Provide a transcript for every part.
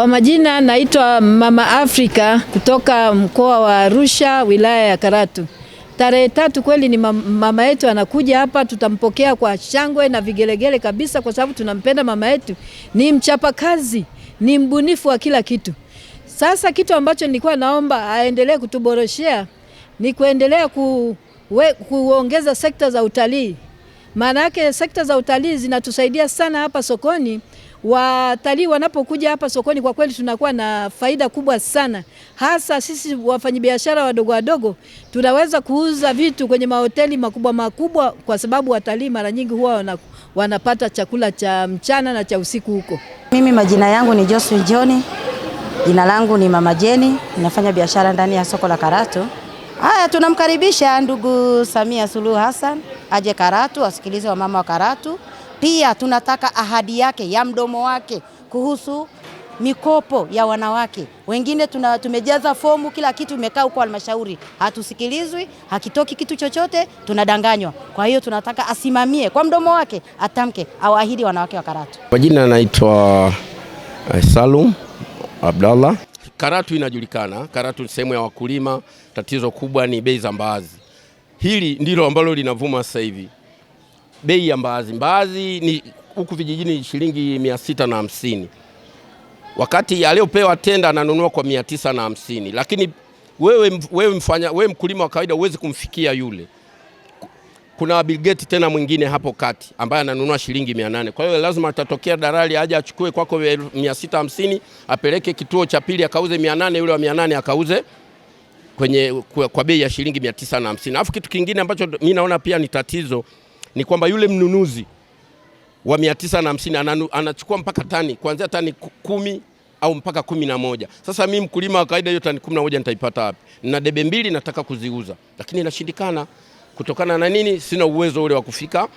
Kwa majina naitwa Mama Afrika kutoka mkoa wa Arusha, wilaya ya Karatu. Tarehe tatu kweli ni mama yetu anakuja hapa, tutampokea kwa shangwe na vigelegele kabisa, kwa sababu tunampenda mama yetu. Ni mchapakazi, ni mbunifu wa kila kitu. Sasa kitu ambacho nilikuwa naomba aendelee kutuboroshea ni kuendelea ku, we, kuongeza sekta za utalii, maana yake sekta za utalii zinatusaidia sana hapa sokoni watalii wanapokuja hapa sokoni, kwa kweli tunakuwa na faida kubwa sana, hasa sisi wafanyabiashara wadogo wadogo tunaweza kuuza vitu kwenye mahoteli makubwa makubwa, kwa sababu watalii mara nyingi huwa wanapata chakula cha mchana na cha usiku huko. Mimi majina yangu ni Josu joni jina langu ni Mama Jeni, ninafanya biashara ndani ya soko la Karatu. Haya, tunamkaribisha ndugu Samia Suluhu Hassan aje Karatu asikilize wamama wa Karatu. Pia tunataka ahadi yake ya mdomo wake kuhusu mikopo ya wanawake. Wengine tuna, tumejaza fomu kila kitu, imekaa huko halmashauri, hatusikilizwi, hakitoki kitu chochote, tunadanganywa. Kwa hiyo tunataka asimamie kwa mdomo wake, atamke, awaahidi wanawake wa Karatu. Kwa jina anaitwa eh, Salum Abdallah. Karatu inajulikana, Karatu ni sehemu ya wakulima. Tatizo kubwa ni bei za mbaazi, hili ndilo ambalo linavuma sasa hivi bei ya mbaazi. Mbaazi ni huku vijijini shilingi mia sita na hamsini wakati aliyopewa tenda ananunua kwa mia tisa na hamsini lakini wewe, wewe, mfanya, wewe mkulima wa kawaida huwezi kumfikia yule. Kuna bilgeti tena mwingine hapo kati ambaye ananunua shilingi mia nane kwa hiyo lazima atatokea dalali aje achukue kwako mia sita hamsini apeleke kituo cha pili akauze mia nane yule wa mia nane akauze kwenye, kwa, kwa bei ya shilingi mia tisa na hamsini alafu kitu kingine ambacho mi naona pia ni tatizo ni kwamba yule mnunuzi wa 950 anachukua mpaka tani kuanzia tani kumi au mpaka kumi na moja. Sasa mimi mkulima wa kawaida hiyo tani kumi na moja nitaipata wapi? Na debe mbili nataka kuziuza, lakini inashindikana kutokana na nini? Sina uwezo ule wa kufika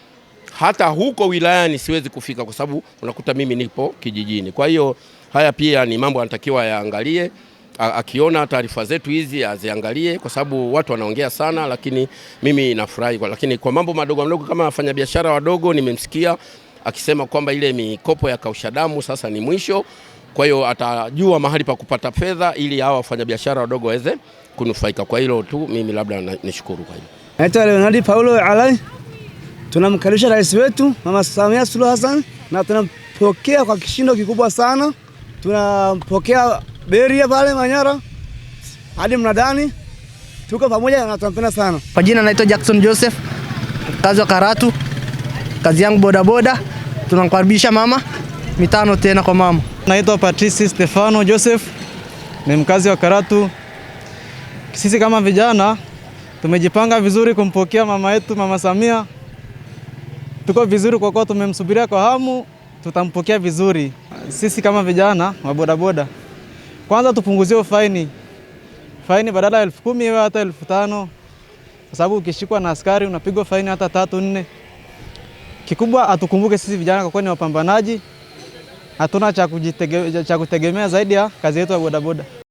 hata huko wilayani, siwezi kufika kwa sababu unakuta mimi nipo kijijini. Kwa hiyo haya pia ni mambo yanatakiwa yaangalie akiona taarifa zetu hizi aziangalie, kwa sababu watu wanaongea sana, lakini mimi nafurahi. Lakini kwa mambo madogo madogo kama wafanyabiashara wadogo, nimemsikia akisema kwamba ile mikopo ya kausha damu sasa ni mwisho, kwa hiyo atajua mahali pa kupata fedha ili hawa wafanyabiashara wadogo waweze kunufaika. Kwa hilo tu mimi labda nishukuru kwa hiyo Naitwa Leonardi Paulo Alai. Tunamkaribisha rais wetu Mama Samia Suluhu Hassan na tunampokea kwa kishindo kikubwa sana, tunampokea Beria pale Manyara hadi mnadani, tuko pamoja na tunapenda sana. Kwa jina naitwa Jackson Joseph, kazi wa Karatu, kazi yangu bodaboda. Tunamkaribisha mama mitano tena kwa mama. Naitwa Patrice Stefano Joseph, ni mkazi wa Karatu. Sisi kama vijana tumejipanga vizuri kumpokea mama yetu, mama Samia. Tuko vizuri kwa kuwa tumemsubiria kwa hamu, tutampokea vizuri. Sisi kama vijana wa bodaboda kwanza tupunguziwe faini, faini badala ya elfu kumi iwe hata elfu tano kwa sababu ukishikwa na askari unapigwa faini hata tatu nne. Kikubwa atukumbuke sisi vijana, kwa kweli ni wapambanaji, hatuna cha kutegemea zaidi ya kazi yetu ya bodaboda.